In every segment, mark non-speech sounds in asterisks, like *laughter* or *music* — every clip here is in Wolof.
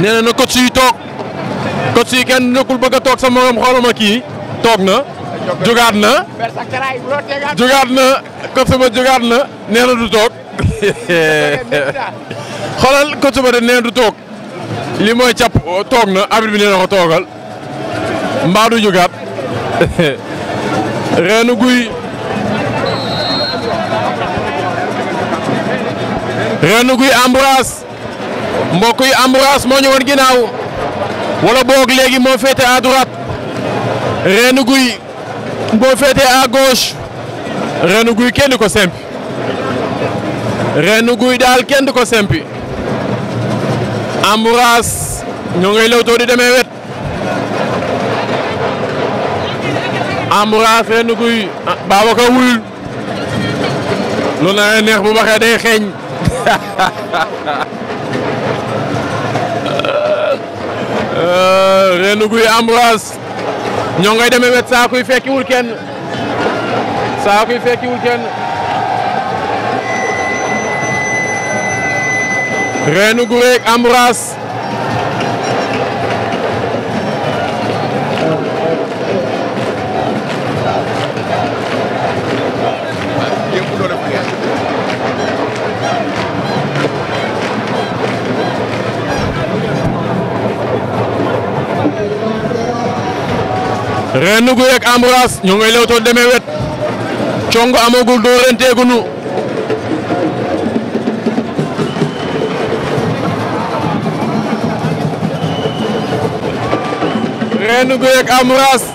nee na na coach yi toog coach yi kenn nekkul bëgg a toog sa morom xoolama kii toog na jugaat na jugaat na coach ba jugaat na nee na du toog *laughs* xoolal coach ba de nee du toog li mooy cap toog na arbitre bi nee ko toogal mbaa du jugaat *laughs* reenu guy reenu guy embrasse mbokk yi Ambroise moo ñu woon wala boog léegi moo féete à droite Reenu Guy moo féete à gauche Reenu Guy kenn ko simpi Reenu Guy daal kenn du ko sempi Ambroise ñoo ngay lewtoo di demee wet Ambroise Reenu Guy ah, Babacar wuyul lu na neex bu baxee day xeeñ *laughs* Euh, Reenu Guy Ambroise ñoo ngay demee wet saako yi fekkiwul kenn saako yi fekkiwul reen Reenu Guy ak Reenu Guy ak Ambroise ñoo ngay lewtoo demee wet cong Reenu Guy ak Ambroise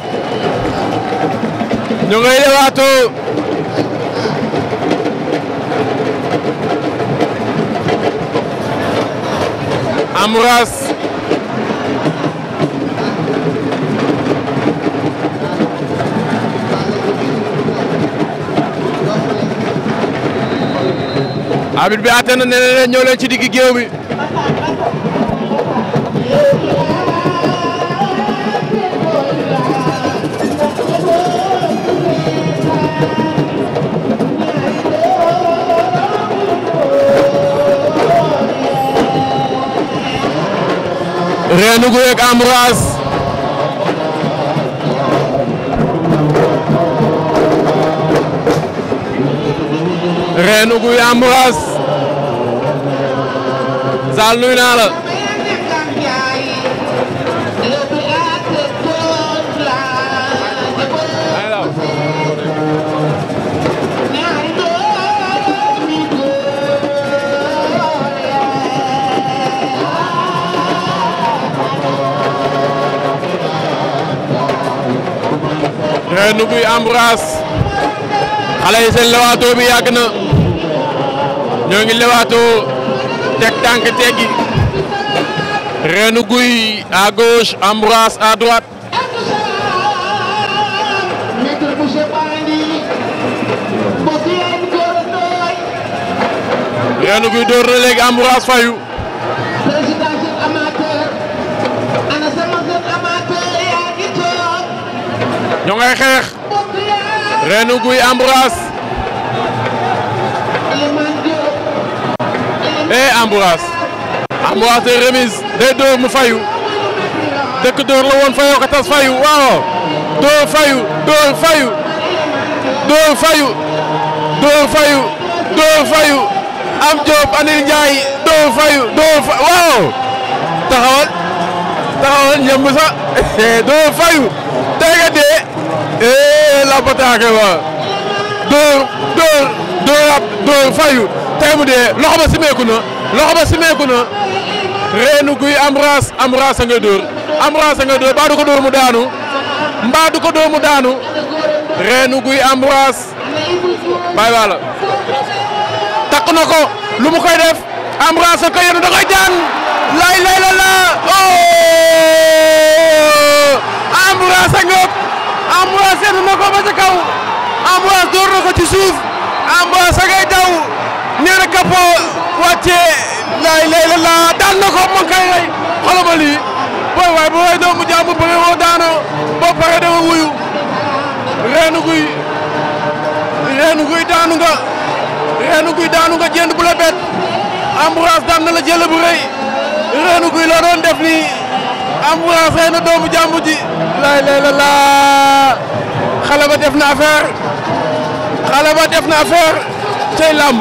ñoo arbitre bi àtte na ne leen ci diggi géew bi Renou Gouye Saal nuyu naa la. reenu buy embrasse xale yi seen lewaatoo bi yàgg na ñoo ngi lewaatoo teg tànk teggi Reenu Gouye à gauche Ambroise à droite Reenu Gouye door na léegi Ambroise fayu ñoo ngay Reenu Gouye Ambroise eh Ambroise Ambroise day remise day dóor mu fayu dëkk dóor la woon fayoo ko tas fayu waaw dóor fayu fayu dóor fayu dóor fayu dóor fayu am Diop Anil Ndiaye dóor fayu dóor waaw taxawal taxawal ñëmb sax *laughs* fayu tey nga dee eh la bataake waaw dóor dóor dóor ab dóor fayu tey mu dee loxo ba simeeku na loxo ba simeeku na reenu guy Ambroise Ambroise a nga dóor Ambroise du ko dóor mu daanu mbaa du ko dóor mu daanu reenu guy Ambroise bàyyi wàlla takk na ko lu mu koy def Ambroise a koy yenu lay lay la la oh Ambroise a ngëp Ambroise yenu ba ca kaw Ambroise dóor na ci suuf Ambroise a ngay daw nee na Kapo wàccee laay lay laa daan na ko man kay lay xoolal booy waay bu way doomu jàmbur ba woo daanoo boo paree dama wuyu reenu guy reenu guy daanu nga reenu guy daanu nga jënd bu la bet Ambroise daan na la jël bu reenu guy la doon def nii Ambroise doomu jàmbur ji laay lay laa xale ba def cay làmb